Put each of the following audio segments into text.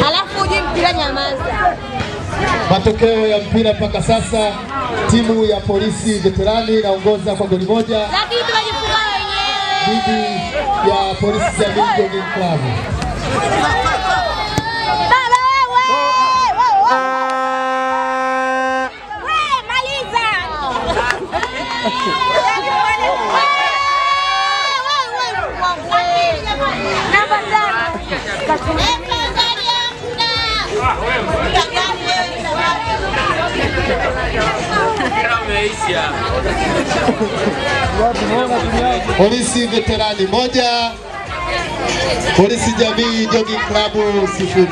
alafu uje mpira nyamaza. Matokeo ya mpira mpaka sasa, timu ya polisi veterani inaongoza kwa goli moja dhidi ya polisi Jamii Jogging Club. Polisi veterani moja, polisi jamii jogi klabu sifuri.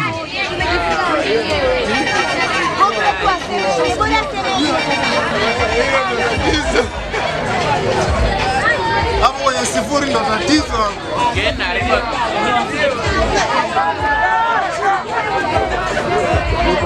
Hapo kwenye sifuri ndo tatizo.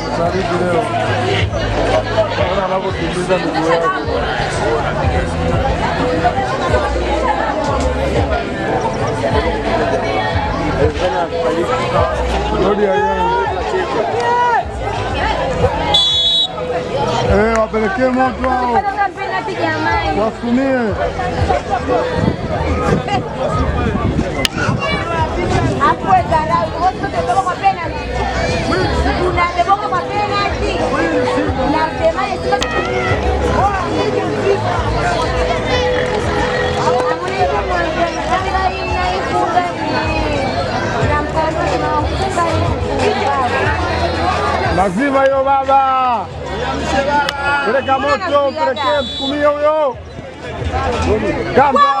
Salut, Julio. On a la voiture, nous avons joué. Eh, wapelekee moto hao wafunie Lazima hiyo baba, peleka moto, pelekee msukumio huyo kamba.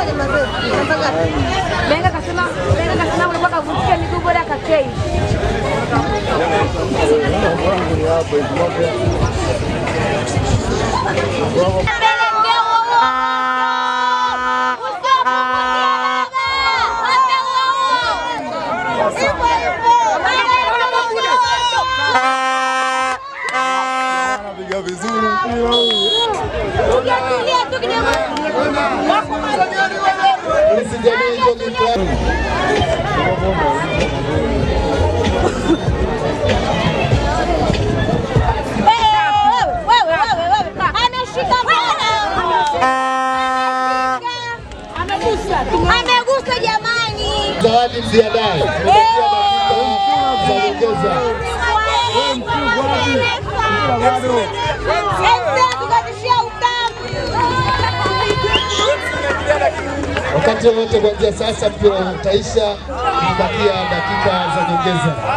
Benga kasema Benga kasema unakuwa kavutia miguu bora kakei. Ah vizuri amegusa jamani, zawadi mziadai zaongeza wote wowote kuanzia sasa, mpira utaisha, ikibakia dakika za nyongeza.